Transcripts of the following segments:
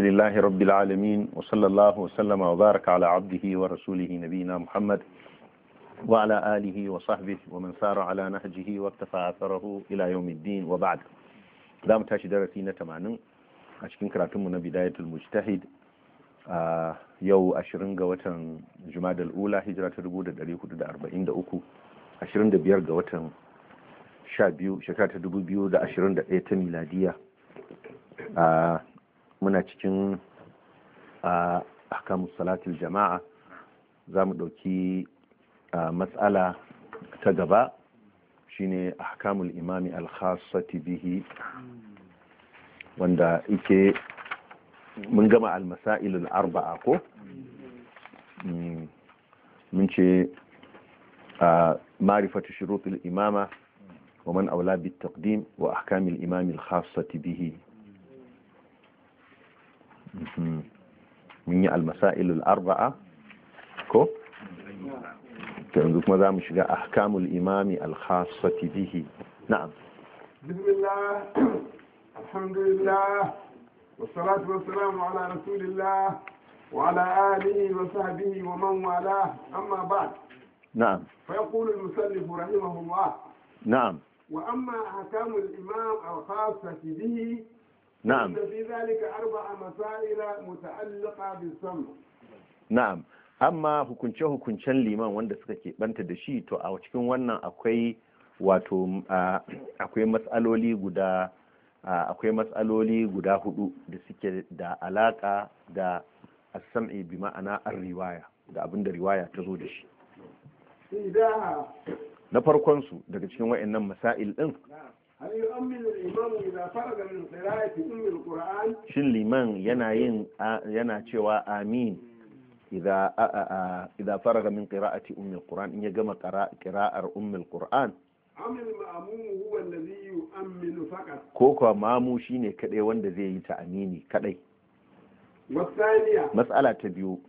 Alhamdulillah, Rabbil Alamin, sallallahu wa wa baraka ala abdihi wa rasulihi nabina Muhammad wa alihi wa sahbihi wa man ala na hajjihi wa ta fa’asararru tashi darafi na tamanin a cikin karatunmu na bidayatul Mujtahid a yau ashirin ga watan Jumadal Ula, hijira ta muna cikin ahkamu salatul jama'a za mu ɗauki matsala ta gaba shine ahkamul imami alhassati bihi wanda ike mun gama al arba'a ko mm. mun ce ma'rifatu shurutul imama wa man aula bit taqdim wa ahkamil imami alhassati bihi من المسائل الأربعة arba'a ko ta yanzu أحكام الإمام الخاصة به نعم بسم الله الحمد لله والصلاة والسلام على رسول الله وعلى آله وصحبه ومن والاه أما بعد نعم فيقول المسلف رحمه الله نعم وأما أحكام الإمام الخاصة به نعم في ذلك أربع مسائل متعلقة بالسمع نعم amma hukunce-hukuncen liman wanda suka keɓanta da shi to a cikin wannan akwai wato akwai matsaloli guda akwai matsaloli guda hudu da suke da alaka da asam'i bi ma'ana an riwaya da abin da riwaya ta zo da shi na farkonsu daga cikin wa'annan masail din shin liman yana yin yana cewa amin idan faraga min qira'ati ummi alquran in ya gama qira'ar ummi alquran ko kuwa mamu shine kadai wanda zai yi ta amini kadai mas'ala ta biyu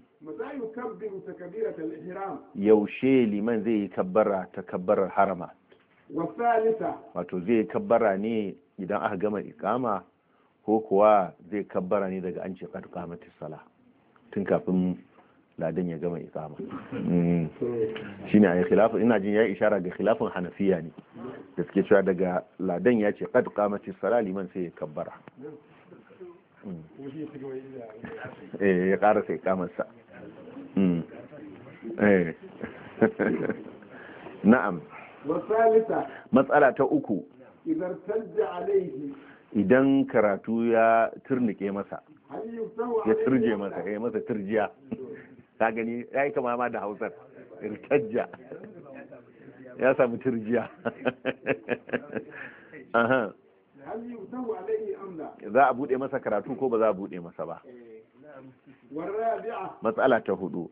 yaushe liman zai yi kabbara ta kabbarar harama wato zai kabbara ne idan aka gama ikama ko kuwa zai kabbara ne daga an ce qad qamatis sala tun kafin ladan ya gama ikama mm. shine yi khilafu ina jin ya ishara ga khilafin hanafiya ne da suke cewa daga ladan ya ce qad qamatis sala liman sai ya kabbara mm. eh, ya ƙara sai kamarsa mm. eh. na'am matsala ta uku idan karatu ya turnike masa ya turje masa ya masa turjiya ta gani ya yi kama da hausar irtajja ya samu turjiya za a bude masa karatu ko ba za a bude masa ba eh, matsala ta hudu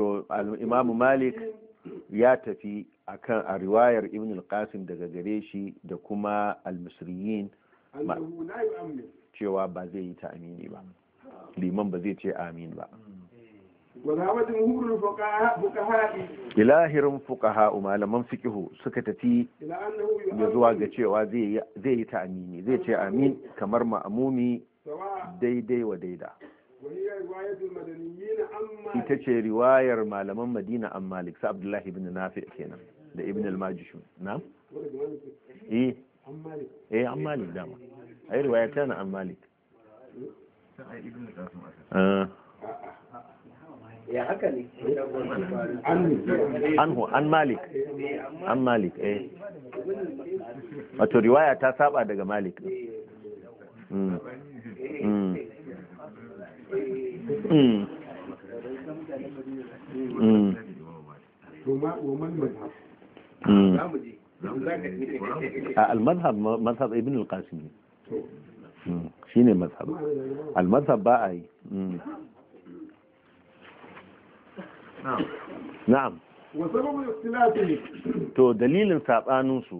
to imam malik ya tafi akan a riwayar ibn al-qasim daga gare shi da kuma al-misriyin cewa ba zai yi ta amini ba liman ba zai ce amin ba ilahirin fukaha malaman fikihu suka tafi ya zuwa ga cewa zai yi ta amini zai ce amin kamar ma'amumi daidai wa daida ita ce riwayar malaman madina an malik sa abdullahi ibn nafi kenan da ibn al-majishu na? eh eh an malik dama a yi riwaya tana an malik ah. ya haka ne anhu an malik an malik eh wato riwaya ta saba daga malik mm. المذهب مذهب ابن القاسم شيني مذهب المذهب بقى اي نعم نعم وسبب الاختلاف to dalilin sabaninsu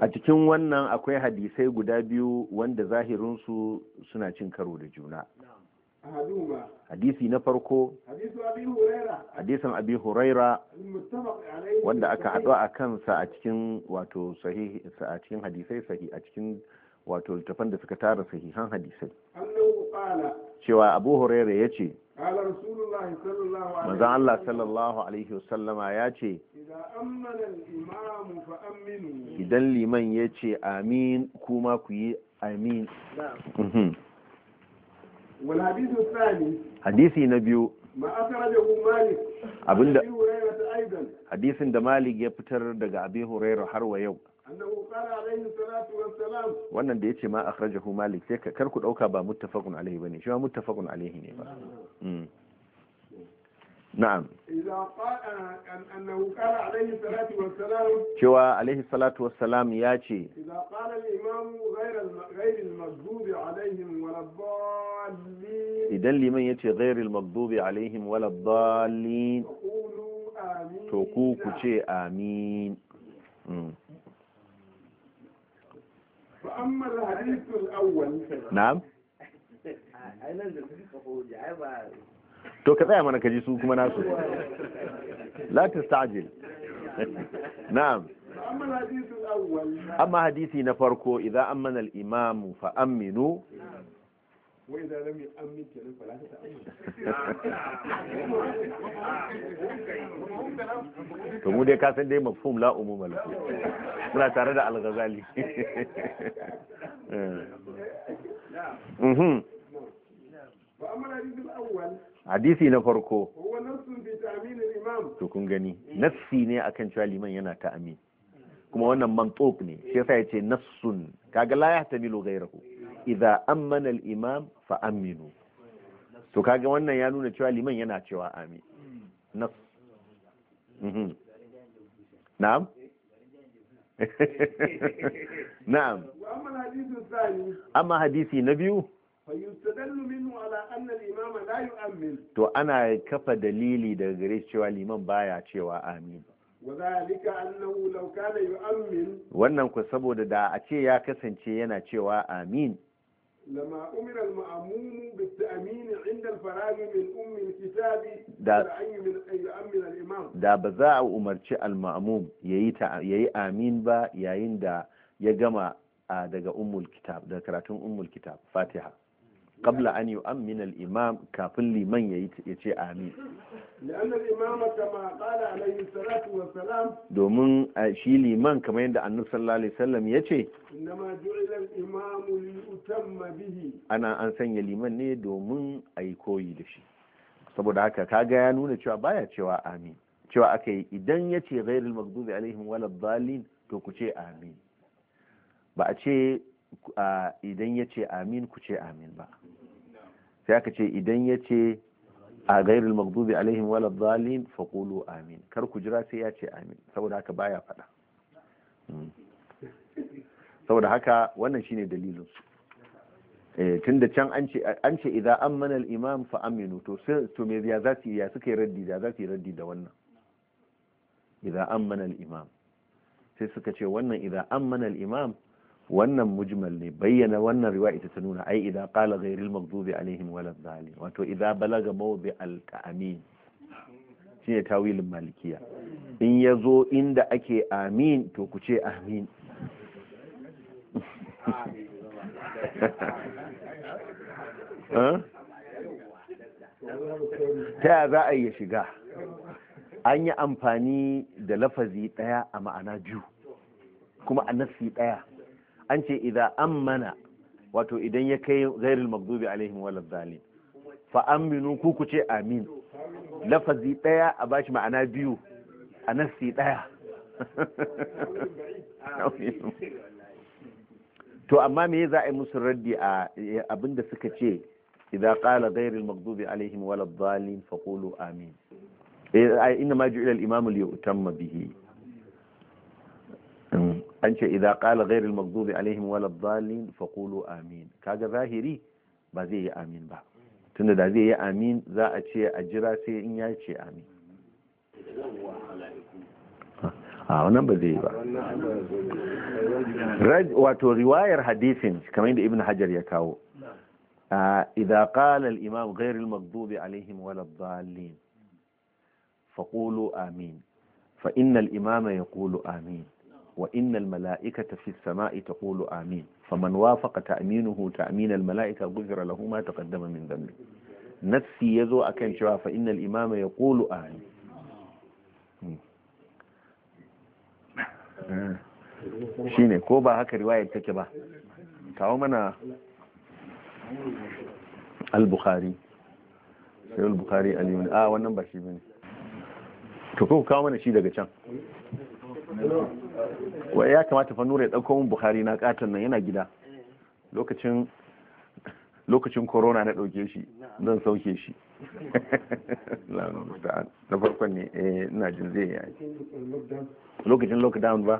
a cikin wannan akwai hadisai guda biyu wanda zahirinsu suna cin karo da juna hadisi na farko hadisin abi huraira wanda aka haɗu a kansa a cikin wato a cikin hadisai sahi a cikin wato littafan da suka tara sahihan hadisai cewa abu huraira ya ce manzan Allah sallallahu Alaihi wasallama ya ce idan liman ya ce amin kuma ku yi amin hadisi na biyu abinda hadisin da malik ya fitar daga abin hurairu har wa yau أنه قال عليه الصلاة والسلام وأن دي ما أخرجه مالك سيكا كركو أوكا با متفق عليه بني شو متفق عليه نعم إذا قال أنه قال عليه الصلاة والسلام شو عليه الصلاة والسلام ياتي إذا قال الإمام غير غير المغضوب عليهم ولا الضالين إذا لمن يأتي غير المغضوب عليهم ولا الضالين تقولوا آمين تقولوا آمين hmm. amma hadithul awwal na'am to ka tsaya mana ji su kuma nasu la tastajil na'am amma hadisi na farko idan amana al-imam fa aminu wai mu dai ka san dai mafhum la umuma lahu muna tare da al eh. mhm. hadisi na farko to kun gani nafsi ne akan cewa liman yana ta'amin kuma wannan mantof ne shi yasa ce nassun kaga ta milo gairaku. idza ammana al-imam fa aminu to kaga wannan ya nuna cewa liman yana cewa amin na na'am na'am amma hadisi na biyu to ana kafa dalili daga gare cewa liman baya cewa amin wannan ku saboda da a ce ya kasance yana cewa amin لما أمر المأموم بالتأمين عند الفراغ من أم الكتاب العين من يأمن الإمام دا بزاع المأموم يي آمين با يين دا يجمع daga karatun ummul kitab fatiha an yu'ammina al-imam kafin liman ya ce amin domin shi liman kamar yadda annabi sallallahu alaihi ya ce ana an sanya liman ne domin a yi koyi da shi saboda haka kaga ya nuna cewa baya cewa amin cewa aka yi idan ya ce ghairul maghdubi alaihim wala dhalin to ku ce amin ba a ce idan ya ce amin ku ce amin ba sai aka ce idan ya ce a ghairul maghdubi alaihim wala dhalin fa qulu amin kar ku jira sai ya ce amin saboda haka baya faɗa hmm. saboda haka wannan shine dalilin su Eh, tun da can an ce idan an mana imam fa aminu to to me ya za su ya suka yi raddi da za su yi raddi da wannan idan an mana imam sai suka ce wannan idan an mana imam wannan mujmal ne bayyana wannan riwa ita ta nuna ai idan qala ghayril maghdubi alaihim walad dhalin wato idan balaga mawdi al ta'min shine tawilin malikiya in yazo inda ake amin to ku ce amin ta ya za a yi shiga an yi amfani da lafazi ɗaya a ma'ana biyu kuma a nassi ɗaya an ce idan an mana wato idan ya kai gairil magdubi alaihim wal zalim fa aminu ku ku ce amin lafazi ɗaya a bashi ma'ana biyu a nassi ɗaya to amma me za a yi musu raddi a abinda suka ce idan qala ghayril maghdubi alaihim fa faqulu amin eh, inna ma ju'ila al-imam liyutamma bihi hmm. an ce idan qala ghayril maghdubi alaihim fa faqulu amin kaga zahiri ba zai yi amin ba tunda da zai yi amin za a ce a jira sai in ya ce amin a wannan ba zai yi ba wato riwayar hadisin kamar yadda ibn hajar ya إذا قال الإمام غير المغضوب عليهم ولا الضالين فقولوا آمين فإن الإمام يقول آمين وإن الملائكة في السماء تقول آمين فمن وافق تأمينه تأمين الملائكة غفر له ما تقدم من ذنبه نفسي يزو أكن شوا فإن الإمام يقول آمين Hmm. Shi ne, ko ba haka riwayar take ba kawo mana al-bukhari sai al-bukhari al-yuni a ah, wannan ba shi bane to ko kawo mana shi daga can wa ya kamata fa nura ya dauko mun bukhari na katon nan yana gida lokacin lokacin corona na dauke shi zan sauke shi na farkon ne eh ina jin zai yi lokacin lockdown ba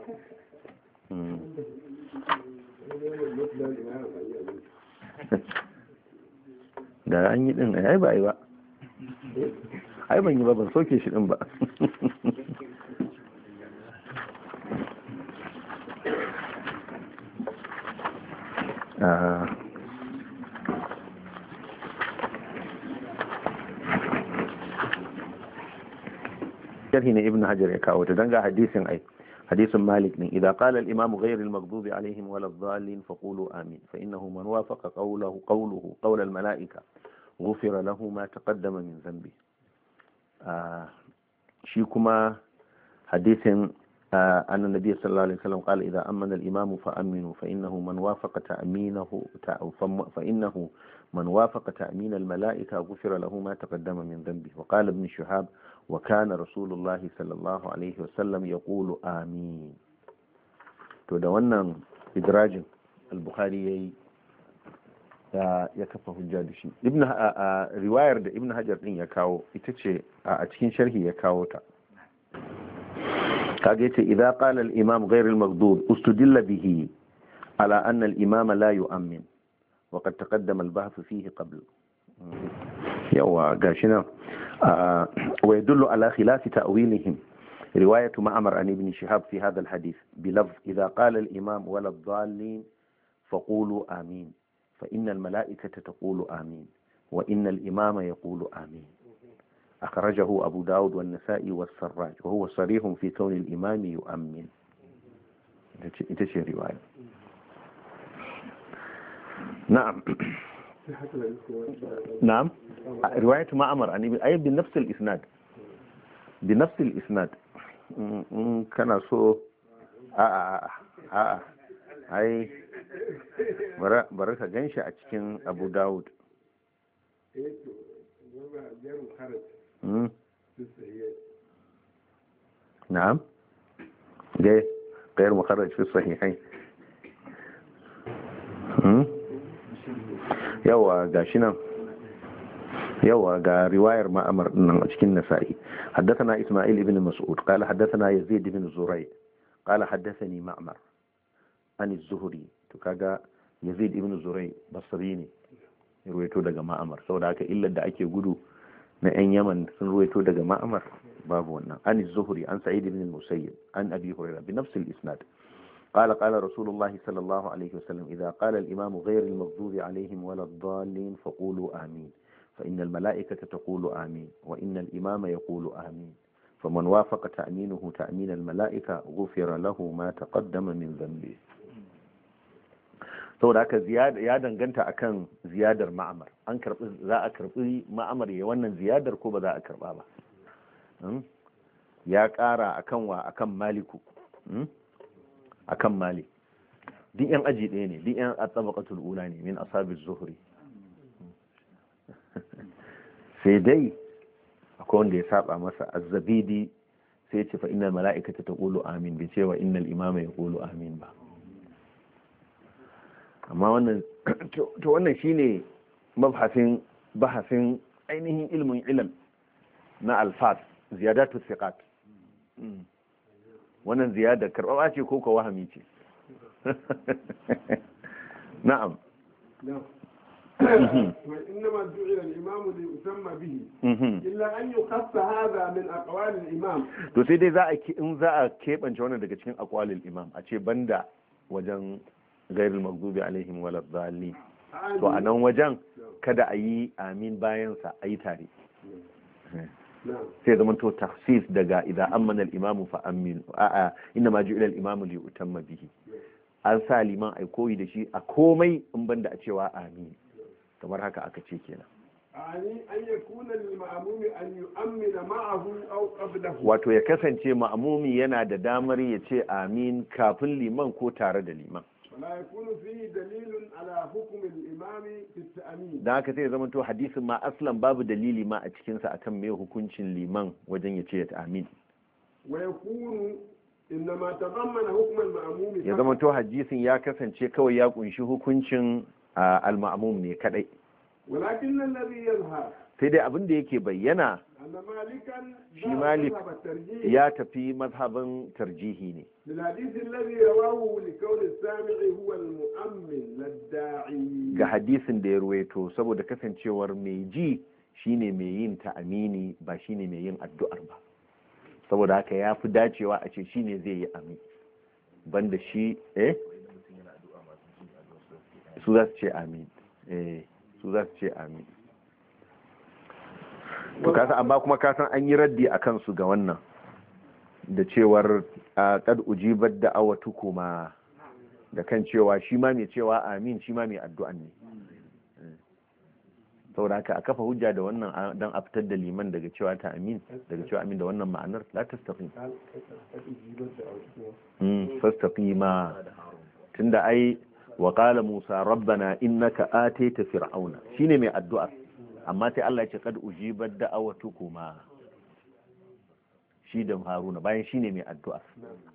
hmm. da an yi din ai ba yi ba ai ban yi ba ban soke shi din ba uh ah. huh شرح ابن حجر يكاو تدنغا حديثين اي حديث مالك من اذا قال الامام غير المغضوب عليهم ولا الضالين فقولوا امين فانه من وافق قوله قوله قول الملائكه غفر له ما تقدم من ذنبه شيكما حديث أن النبي صلى الله عليه وسلم قال إذا أمن الإمام فأمنوا فإنه من وافق تأمينه فإنه من وافق تأمين الملائكة غفر له ما تقدم من ذنبه وقال ابن شهاب wa kana rasulullahi sallallahu alaihi sallam ya ƙulu amin to da wannan idrajin al-bukhari ya yi ya kafa hujja da shi riwayar da ibn hajar din ya kawo ita ce a cikin sharhi ya kawo ta kage ce idza qala al-imam ghayr al-maghdub ustudilla bihi ala anna al-imama la yu'ammin wa qad taqaddama al-bahth fihi qabl yawa gashi nan آه، ويدل على خلاف تأويلهم رواية معمر عن ابن شهاب في هذا الحديث بلفظ إذا قال الإمام ولا الضالين فقولوا آمين فإن الملائكة تقول آمين وإن الإمام يقول آمين أخرجه أبو داود والنسائي والسراج وهو صريح في كون الإمام يؤمن تشي رواية نعم na'am riwayatu ma'amar an ibn ayyub bi nafs al-isnad kana so a ai bari ka ganshi a cikin Abu Dawud na'am yawa ga shi nan yawa ga riwayar ma'amar nan a cikin nasa'i haddathana isma'il ibn mas'ud qala haddathana yazid ibn zurayd qala haddathani ma'mar an az-zuhri to kaga yazid ibn zurayd basri ne ruwaito daga ma'amar saboda haka illar da ake gudu na yan yaman sun ruwaito daga ma'amar babu wannan an az-zuhri an sa'id ibn musayyib an abi hurairah bi nafs al-isnad قال قال رسول الله صلى الله عليه وسلم إذا قال الإمام غير المغضوب عليهم ولا الضالين فقولوا آمين فإن الملائكة تقول آمين وإن الإمام يقول آمين فمن وافق تأمينه تأمين الملائكة غفر له ما تقدم من ذنبه saboda haka ya danganta akan ziyadar ma'amar an karbi za a karbi ma'amar ya wannan ziyadar ko ba za a karba ba ya kara akan wa akan maliku akan Mali. din yan aji ɗaya ne din yan atsabaqatul ula ne min asabi zuhuri sai dai akwai wanda ya saba masa azzabidi sai ce fa innal mala'ikata taqulu amin bi cewa innal imama ya yaqulu amin ba amma wannan to wannan shine mabhasin bahasin ainihin ilmin ilal na alfas ziyadatu siqat hmm. wannan ziyada karɓaɓa ce ko ka hami ce na'am mm-hmm. mm-hmm. to sai dai za a in za a keɓance wannan daga cikin akwalin imam a ce banda wajen ghairul maghdubi alaihim walad dhalin to a nan wajen kada a yi amin bayan sa a yi tare eh. sai zama to tafsir daga idan an al-imamu fa a'a inna ma ju'ila al-imamu li utamma bihi an sa liman ai koyi da shi a komai in banda a cewa amin kamar haka aka ce kenan wato ya kasance ma'amumi yana da damar ya ce amin kafin liman ko tare da liman la yakunu fihi dalilun haka sai ya zamanto hadisin ma aslan babu dalili ma a cikinsa akan mai hukuncin liman wajen ya ce ya ta'min wa yakunu innama ya zamanto hadisin ya kasance kawai ya kunshi hukuncin al-ma'mum ne kadai sai dai abin da yake bayyana shi malik ya tafi mazhaban tarjihi ne ga hadisin da ya ruwaito saboda kasancewar mai ji shine mai yin ta'amini ba shine mai yin addu'ar ba saboda haka ya fi dacewa a ce shine zai yi amin banda shi eh su za su ce amin eh su za su ce amin to kasa amma kuma kasan an yi raddi a kansu ga wannan da cewar a kad ujibar da awatu kuma da kan cewa shi ma mai cewa amin shi ma mai addu'an ne eh. saboda haka a kafa hujja da wannan don a fitar da liman daga cewa ta amin daga cewa amin da wannan ma'anar la tastafi fastafi ma tunda ai wa qala musa rabbana innaka ataita fir'auna shine mai addu'a amma sai Allah ya ce kad da'awatu kuma shi da Haruna bayan shine mai addu'a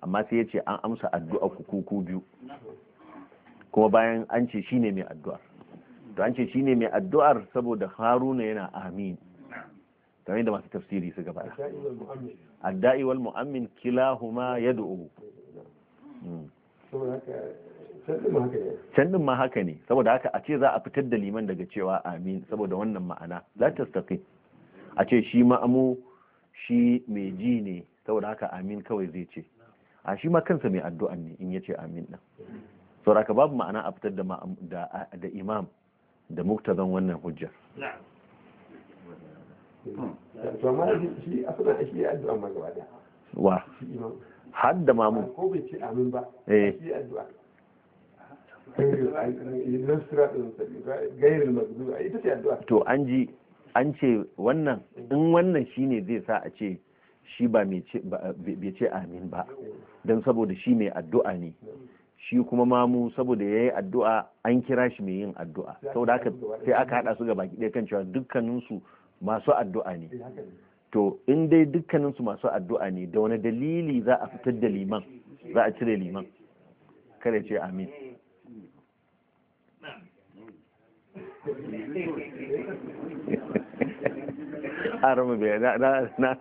amma sai ya ce an amsa addu'a ku ku biyu kuma bayan an ce shine mai addu'ar to an ce shine mai addu'ar saboda Haruna yana amin kamar yadda masu tafsiri suka gaba adda'i wal mu'ammin kilahuma yad'u ya hmm. can din ma haka ne saboda haka a ce za a fitar da liman daga cewa amin saboda wannan ma'ana za ta tastaqi a ce shi ma'amu shi mai ji ne saboda haka amin kawai zai ce a shi ma kansa mai addu'an ne in yace amin na saboda haka babu ma'ana a fitar da da imam da muktazan wannan hujjar hmm. wa hadda mamu ko bai ce amin ba eh. shi addu'a to an ji an ce wannan in wannan shine zai sa a ce shi ba mai ce amin ba don saboda shi mai addu'a ne shi kuma mamu saboda ya yi addu'a an kira shi mai yin addu'a saboda haka sai aka haɗa su ga baki ɗaya kan cewa dukkaninsu masu addu'a eh, ne to in dai dukkaninsu masu addu'a ne da wani dalili za a fitar da liman za a cire liman kare ce amin haramu bai na na na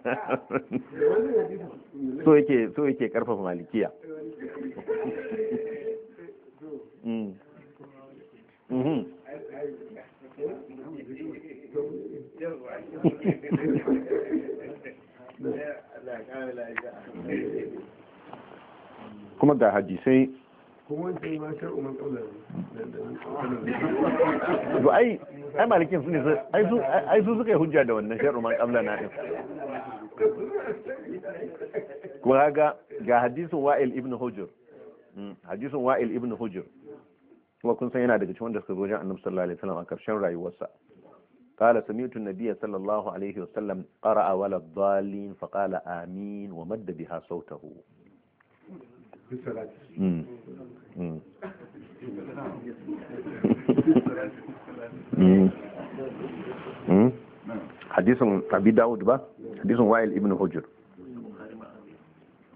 so yake so yake karfafa malikiya mm. mm-hmm. kuma ga hadisai يعني ما شاءوا من قبلنا to ai ai malikin su ne ai su ai su suka yi hujja da wannan shar'u man qabla na din kuma ga ga hadisin wa'il ibn hujr hadisin wa'il ibn hujr kuma kun san yana daga cikin wanda suka zo wajen annabi sallallahu alaihi wasallam a karshen rayuwarsa قال سمعت النبي صلى الله عليه وسلم قرأ ولا الضالين فقال آمين ومد بها صوته hadisin abi dawud ba hadisin wa'il ibn hujr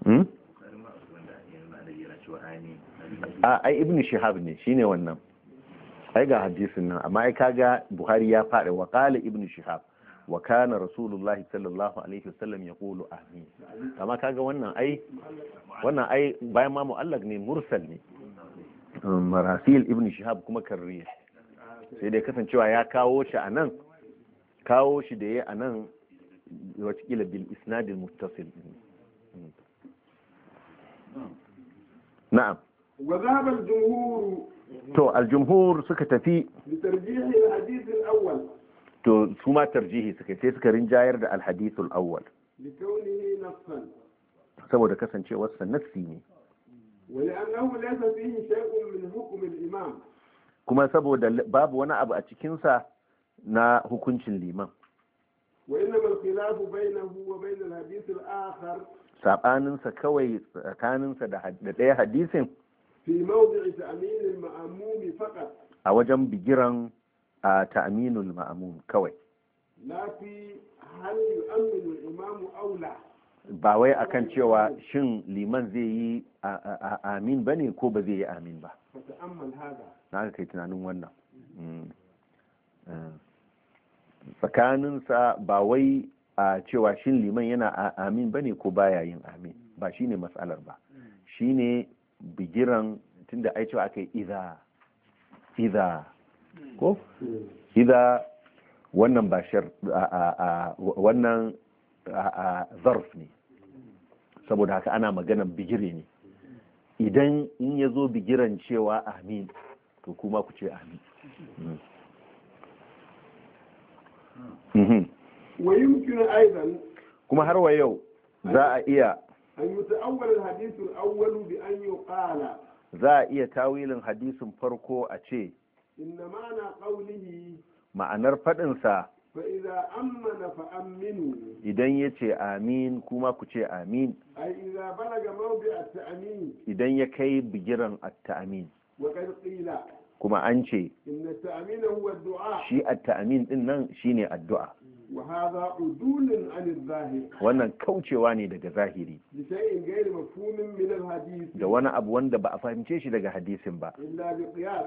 hmm? a ah, ai ibn shihab ne shine wannan ai ga hadisin nan amma ai kaga buhari ya faɗi wa qala ibn shihab wa kana rasulullahi sallallahu alaihi wasallam ya kulu amin amma kaga wannan ai wannan ai bayan ma mu'allaq ne mursal ne marasil um, ibn shihab kuma karriya sai dai kasancewa ya kawo shi a nan kawo shi da ya a nan watakila bil isnadil muttasil na'am wa zahaba al-jumhur to al-jumhur suka tafi bi tarjih al-hadith al-awwal to su ma tarjihi suka sai suka rinjayar da alhadithul awwal saboda kasancewarsa nassi ne kuma saboda babu wani abu a cikinsa na hukuncin liman saɓaninsa kawai tsakaninsa da ɗaya hadisin a wajen bigiran a ta'aminul ma'amun kawai imam'u Aula. ba wai akan cewa shin liman zai yi amin ba ne ko ba zai yi amin ba na ga kai tunanin wannan mm. eh. tsakaninsa ba wai a cewa shin liman yana amin ba ne ko baya yin amin ba shine matsalar ba mm. shine bigiran tunda ai cewa aka yi iza iza ko idan wannan bashar wannan zarf ne saboda haka ana maganan bigire ne idan in ya zo bigiran cewa amin to kuma ku ce amin mm. mm-hmm. kuma har wa yau za a iya za a iya tawilin hadisin farko a ce inna ma'ana qawlihi ma'anar fadinsa sa fa idza amana idan yace amin kuma ku ce amin ai idza balaga idan ya kai bigiran at kuma an ce shi at din nan shine addu'a wannan kaucewa ne daga zahiri da wani abu wanda ba a fahimce shi daga hadisin ba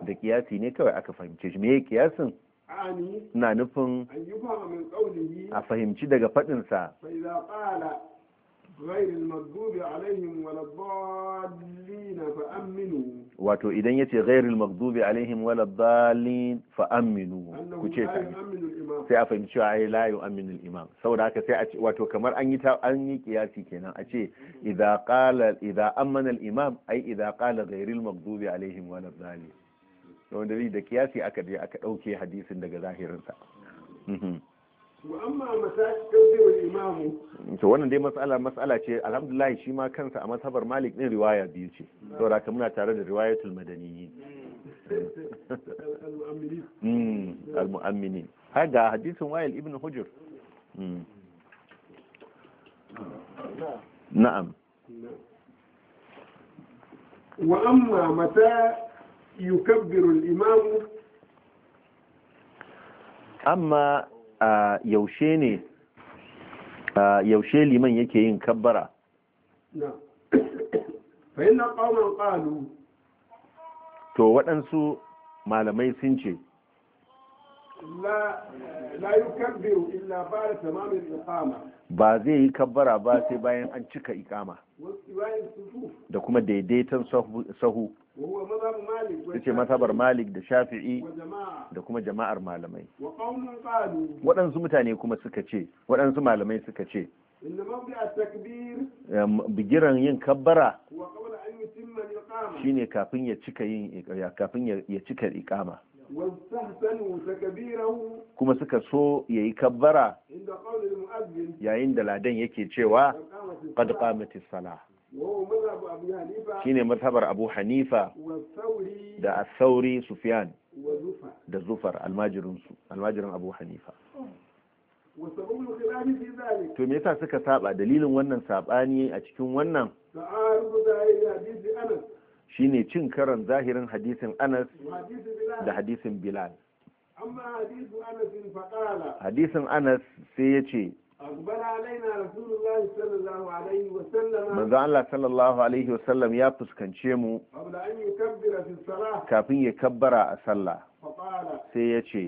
da kiyasi ne kawai aka fahimce shi me kiyasin na nufin a fahimci daga faɗinsa غير المغضوب عليهم ولا الضالين فأمنوا wato idan yace ghairul maghdubi alaihim wala dhalin fa aminu ku ce sai a fahimci cewa ai la yu'minu al-imam saboda haka sai a ce wato kamar an yi ta an yi kiyasi kenan a ce idza qala idza amana al-imam ai idza qala ghairul maghdubi alaihim wala dhalin to da kiyasi aka je aka dauke hadisin daga zahirin sa to wannan dai matsala matsala ce alhamdulillah shi ma kansa a masabar malik din riwaya biyu ce saboda haka muna tare da riwayatul madaniyi mm. mm. al-mu'amminin har ga hadisin wa'il ibn Hujur? Mm. na'am wa amma mata yukabbiru al imamu amma yaushe ne yaushe liman yake yin kabbara to waɗansu malamai sun ce ba zai yi kabbara ba sai bayan an cika ikama da kuma daidaiton sahu ce mazhabar malik da shafi'i da kuma jama'ar malamai waɗansu mutane kuma suka ce waɗansu malamai suka ce um, bigiran yin kabbara shine kafin ya cika yin kafin ya cika ikama kuma suka so ya yi kabbara yayin da ladan yake cewa qad sala. Shi ne mazhabar abu hanifa da asauri sufyan da zufar almajirin abu hanifa to me yasa suka saba dalilin wannan sabani a cikin wannan shine cin karan zahirin hadisin anas da hadisin bilal hadisin anas sai ya ce manzo Allah sallallahu alaihi wasallam ya fuskance mu kafin ya kabbara a sallah sai ya ce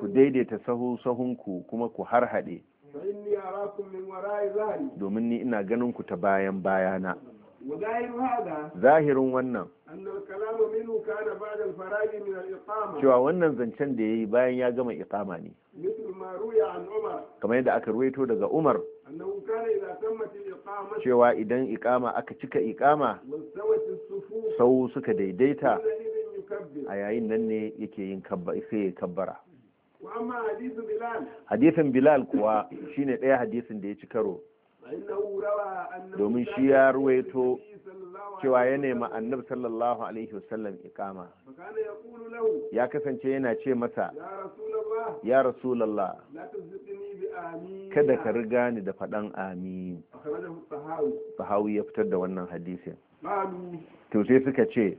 ku daidaita sahu sahunku kuma ku harhaɗe domin ni ina ganin ku ta bayan bayana zahirin wannan cewa wannan zancen da ya yi bayan ya gama ikama ne kamar yadda aka ruwaito daga umar cewa idan ikama aka cika ikama sau suka daidaita a yayin nan ne yake yin kabbara hadisin bilal kuwa shine ɗaya hadisin da ya ci karo domin shi ya ruwaito cewa ya nemi annabi sallallahu alaihi wasallam ikama ya kasance yana ce masa ya rasulallah kada ka riga ni da faɗan amin fahawi ya fitar da wannan hadisin to sai suka ce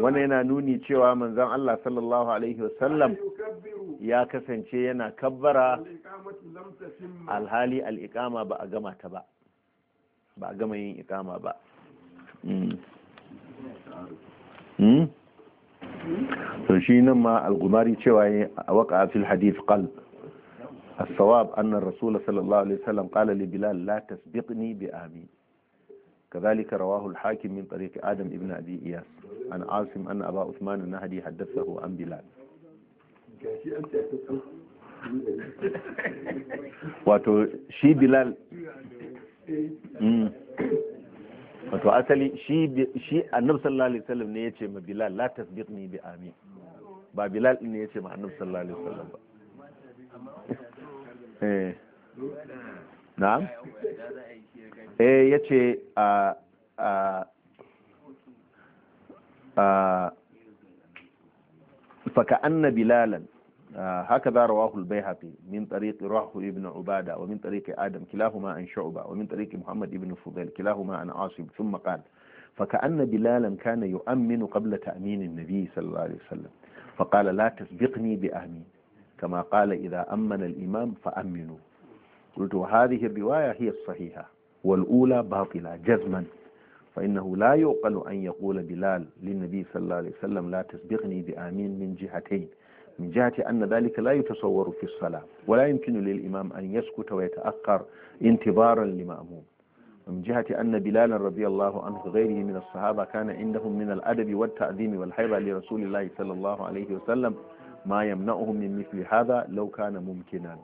wani yana nuni cewa manzan Allah sallallahu alaihi wasallam ya kasance yana kabbara alhali al'iƙama ba a gama ta ba ba a gama yin iƙama ba hmm. Hmm? Hmm? to shi nan ma al cewa a waka fil hadith qalb الصواب أن الرسول صلى الله عليه وسلم قال لبلال لا تسبقني بآبي كذلك رواه الحاكم من طريق آدم ابن أبي إياس عن عاصم أن أبا عثمان النهدي حدثه عن بلال wato shi bilal wato asali shi annabi sallallahu alaihi wasallam ne ce ma bilal la tasbiqni bi amin ba bilal ne ce ma annabi sallallahu alaihi wasallam ba إيه. نعم ايه eh فكأن بلالا هكذا رواه البيهقي من طريق روح ابن عبادة ومن طريق آدم كلاهما عن شعبة ومن طريق محمد ابن فضيل كلاهما عن عاصم ثم قال فكأن بلالا كان يؤمن قبل تأمين النبي صلى الله عليه وسلم فقال لا تسبقني بأمين كما قال إذا أمن الإمام فأمنوا قلت وهذه الرواية هي الصحيحة والأولى باطلة جزما فإنه لا يعقل أن يقول بلال للنبي صلى الله عليه وسلم لا تسبقني بآمين من جهتين من جهة أن ذلك لا يتصور في الصلاة ولا يمكن للإمام أن يسكت ويتأخر انتظارا لمأموم ومن جهة أن بلالا رضي الله عنه وغيره من الصحابة كان عندهم من الأدب والتعظيم والحيرة لرسول الله صلى الله عليه وسلم ma yamna'uhum min mithli hadha law kana mumkinan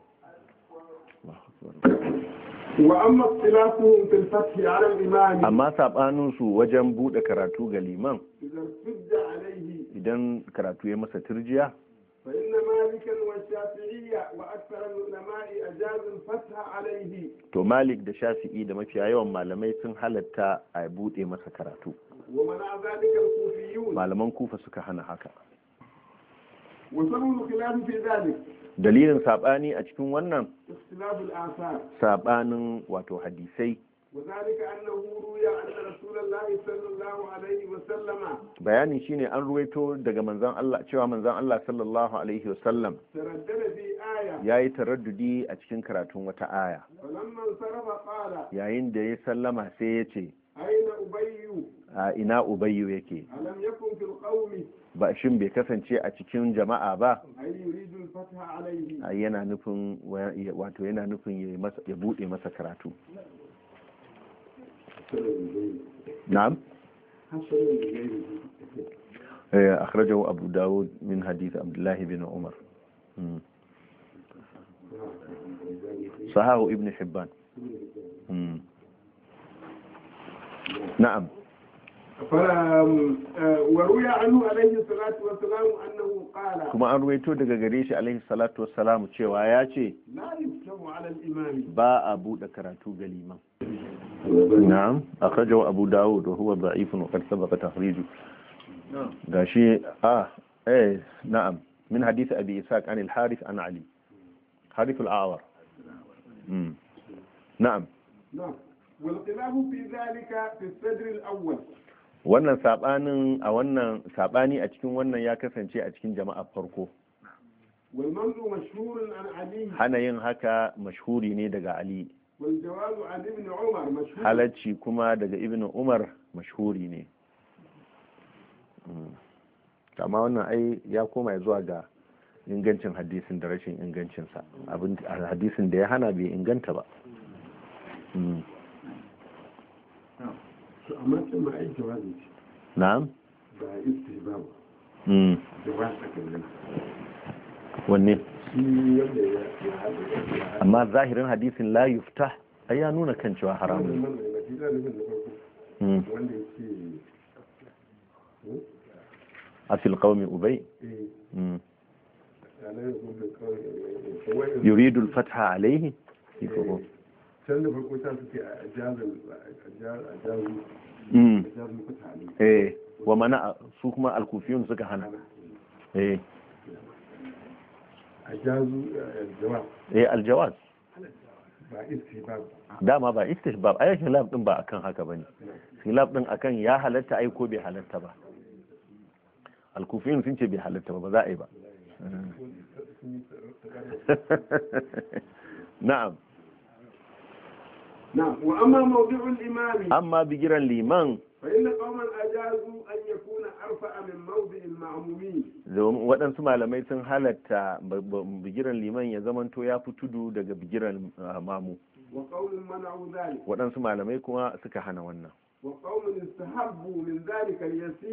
amma saɓaninsu wajen buɗe karatu ga liman idan karatu ya masa turjiya فإن مالكا والشافعية وأكثر العلماء أجازوا الفتح عليه تو مالك ده شافعي ده مفي يوم malamai sun halatta a buɗe masa karatu malaman kufa suka hana haka dalilin saɓani a cikin wannan saɓanin wato hadisai bayanin shine an ruwaito daga manzan Allah cewa manzan Allah sallallahu alaihi wasallam ya yi taraddudi a cikin karatun wata aya yayin da ya sallama sai ya ce a ina ubayyu yake ba shin bai kasance a cikin jama'a ba yana nufin wato yana nufin ya buɗe masa karatu na'am eh, akhrajahu abu dawud min hadith Abdullahi bin umar hmm. sahahu ibn hibban hmm. na'am eh, kuma an ruwaito daga gare shi alaihi salatu wassalamu cewa ya ce ba a buɗe karatu ga liman na'am akhrajahu abu dawud wa huwa da'ifun wa qad sabaqa takhriju gashi a ah, eh na'am min hadith abi isaq an al harif an ali harith al-awar hmm. na'am والخلاف في ذلك في الصدر الأول wannan sabanin a wannan sabani a cikin wannan ya kasance a cikin jama'a farko hana yin haka mashhuri ne daga ali halacci kuma daga ibn umar mashhuri ne hmm. amma wannan ai ya koma zuwa ga ingancin hadisin da rashin ingancinsa hadisin da ya hana bai inganta ba hmm. to amma cin ma ai jawabi ce na'am ba istihbab mm jawabi ta kenan wanne amma zahirin hadisin la yufta ai ya nuna kan cewa haramun ne hmm. wanda yake hmm? a fil qaumi ubay eh. hmm. eh, eh, yuridu al-fatha alayhi can da farko ta suke a jazin kutane eh wa mana su kuma alkufiyun suka hana eh ajazu aljawaz eh aljawaz ba istihbab dama ba istihbab ai khilaf din ba akan haka ba ne. khilaf din akan ya halatta ai ko bai halatta ba alkufiyun sun ce bai halatta ba ba za a yi ba na'am amma bigiran liman waɗansu malamai sun halatta bigiran liman ya zamanto ya tudu daga bigiran ah, mamu waɗansu malamai kuma suka hana wannan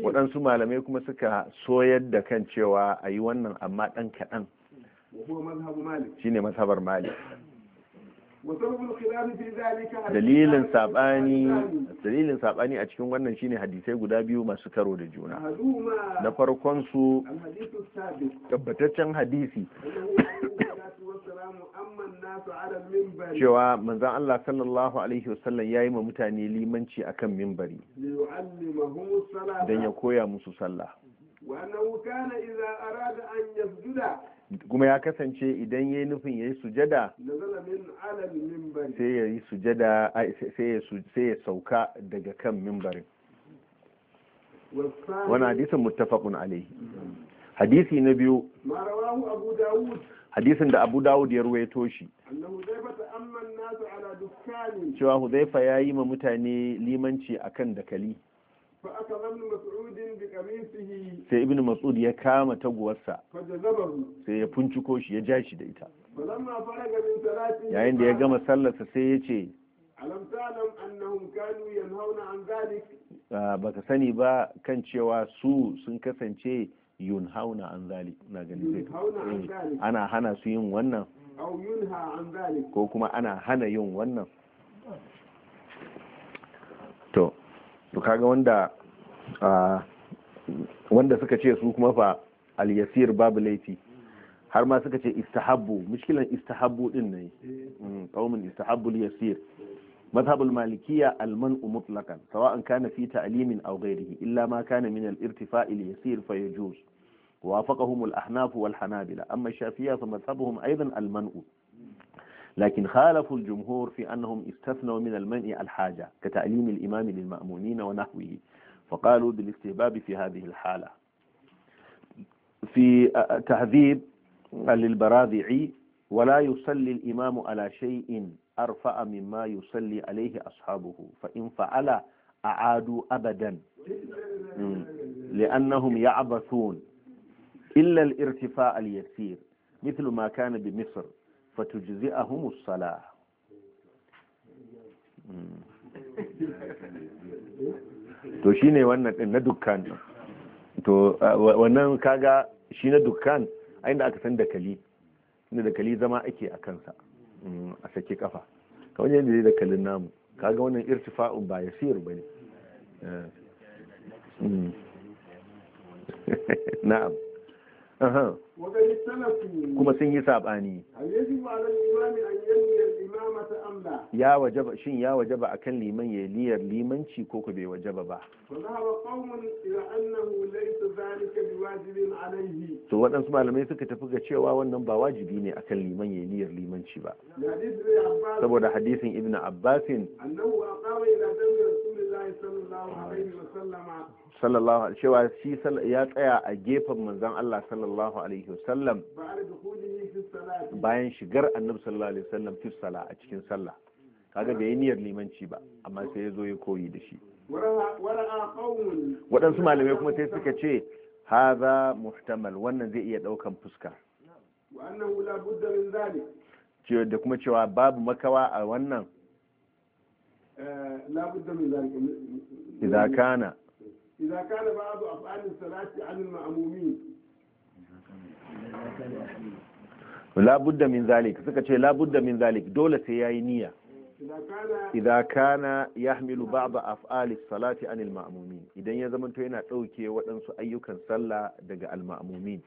waɗansu malamai kuma suka soyar da kan cewa a yi wannan amma ɗan kaɗan shine mazhabar malik dalilin sabani dalilin sabani a cikin wannan shine hadisai guda biyu masu karo da juna na farkon su tabbataccen hadisi cewa manzan Allah sallallahu alaihi wasallam ya yi ma mutane limanci a kan mimbari don ya koya musu sallah kuma ya kasance idan ya yi nufin ya yi sujada sai ya yi sujada sai ya sauka daga kan mimbarin wani hadisin muttafaqun alaihi hadisi na biyu hadisin da abu dawud ya ruwaito shi cewa huzaifa ya yi ma mutane limanci akan dakali sai ibn mas'ud ya kama taguwarsa sai ya funciko shi ya ja shi da ita yayin da ya gama sallarsa sai ya ce ka sani ba kan cewa su sun kasance yun hauna an zalik na gani eh, ana hana su yin wannan ko kuma ana hana yin wannan to kaga wanda wanda suka ce su kuma fa al-yasir babu laifi har ma suka ce istahabbu mishkilan istahabbu din ne mm, qaumun istahabbu al-yasir madhhab al-malikiyya al-man'u mutlaqan sawa'an kana fi ta'limin aw ghayrihi illa ma kana min al-irtifa' al-yasir fa yajuz wa faqahum al-ahnaf wal-hanabila amma shafiyya fa madhhabuhum aidan al-man'u لكن خالفوا الجمهور في أنهم استثنوا من المنع الحاجة كتعليم الإمام للمأمونين ونحوه فقالوا بالاستهباب في هذه الحالة في تهذيب للبراذعي ولا يصلي الإمام على شيء أرفع مما يصلي عليه أصحابه فإن فعل أعادوا أبدا لأنهم يعبثون إلا الارتفاع اليسير مثل ما كان بمصر fatujzi'ahumus salah hmm. to shine wannan din na dukkan to wannan kaga shi na dukkan a inda aka san dakali inda dakali zama ake a kansa hmm, a sake kafa wani yadda zai dakalin namu kaga wannan irtifa'un ba ya siyar ba ne. Eh. Hmm. na'am kuma sun yi saɓani ya wajaba shin ya wajaba akan liman ya liyar limanci ko ku bai wajaba ba to waɗansu malamai suka tafi ga cewa wannan ba wajibi ne akan liman ya liyar limanci ba saboda hadisin ibn abbasin sallallahu alaihi cewa shi ya tsaya a gefen manzon Allah sallallahu alaihi wasallam bayan shigar annab sallallahu alaihi wasallam fi sala a cikin sallah kaga bai yi niyyar limanci ba amma sai ya zo ya koyi da shi waɗansu malamai kuma sai suka ce haza muhtamal wannan zai iya ɗaukan fuska da kuma cewa babu makawa a wannan idakana idakana babu a fa'alin salati 'anil ma'mumin labudda min zalik suka ce labudda min zalik dole sai yayi niyya idan kana yahmilu ba'd af'ali salati anil ma'mumin idan ya zama to yana dauke waɗansu ayyukan sallah daga al ma'mumin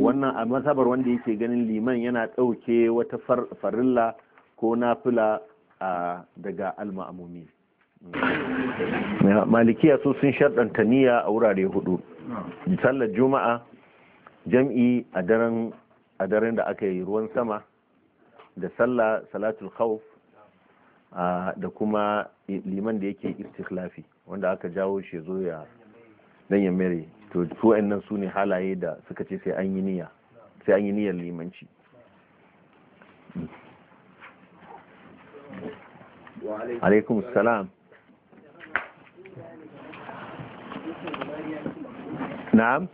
wannan a masabar wanda yake ganin liman yana ɗauke wata farilla ko nafila daga al ma'mumin malikiya su sun sharɗanta niyya a wurare hudu sallar juma'a jam'i a daren da aka yi ruwan sama da sallah salatul khawf da kuma liman da yake istikhlafi wanda aka jawo shi zo ya danya mere to su wayannan su ne halaye da suka ce sai an yi niyya sai an yi niyyar limanci alaikum salam na'am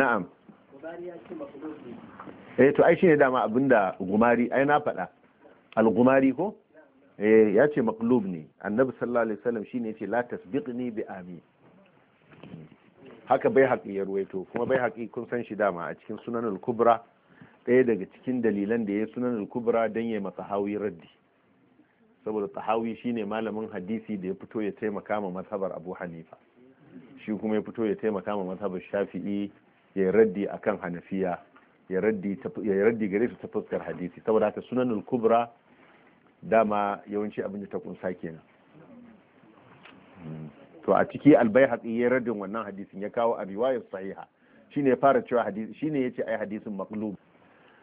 na'am eh to ai shine dama abinda gumari ai na faɗa al-gumari ko eh ya ce maqlub ne annabi sallallahu alaihi wasallam shine yace la tasbiqni bi amin haka bai haƙi ya ruwaito kuma bai haƙi kun san shi dama a cikin sunanul kubra ɗaya daga cikin dalilan da ya sunanul kubra don ya masa hawi raddi saboda tahawi shine malamin hadisi da ya fito ya taimaka ma mazhabar abu hanifa shi kuma ya fito ya taimaka ma mazhabar shafi'i ya raddi akan hanafiya ya raddi gare su ta fuskar hadisi saboda haka sunanul kubra dama yawanci abin da ta kunsa kenan to a ciki albayhaqi ya raddin wannan hadisin ya kawo a riwayar sahiha shine ya fara cewa hadisi shine yace ai hadisin maqlub